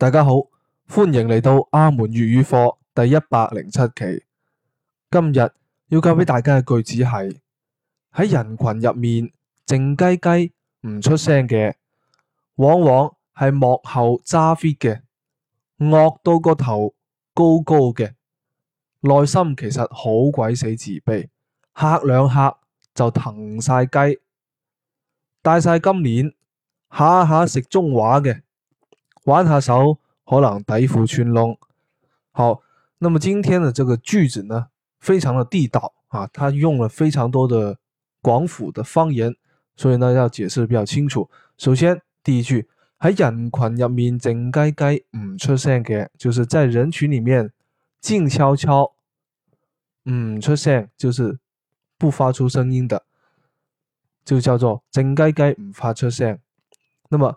大家好，歡迎嚟到阿門粵語課第一百零七期。今日要教俾大家嘅句子係喺人群入面靜雞雞唔出聲嘅，往往係幕後揸 fit 嘅，惡到個頭高高嘅，內心其實好鬼死自卑，吓兩吓就騰晒雞，戴晒金鏈，下下食中華嘅。玩下手可能底褲穿窿。好，那麼今天的這個句子呢，非常的地道啊，它用了非常多的廣府的方言，所以呢要解釋比較清楚。首先第一句，喺人群入面靜雞雞唔出聲嘅，就是在人群裡面靜悄悄，唔、嗯、出聲就是不發出聲音的，就叫做靜雞雞唔發出聲。那麼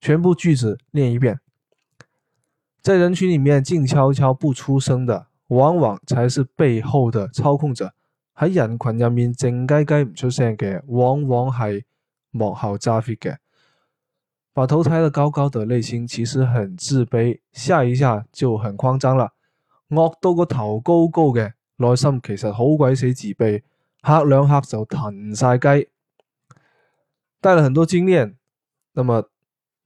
全部句子念一遍。在人群裡面靜悄悄不出聲的，往往才是背後的操控者。喺人群入面靜雞雞唔出聲嘅，往往係幕後揸 fit 嘅。把頭抬得高高的，內心其實很自卑，嚇一下就很誇張啦。嶽到個頭高高嘅，內心其實好鬼死自卑，嚇兩嚇就騰晒雞。帶了很多金鏈，那麼。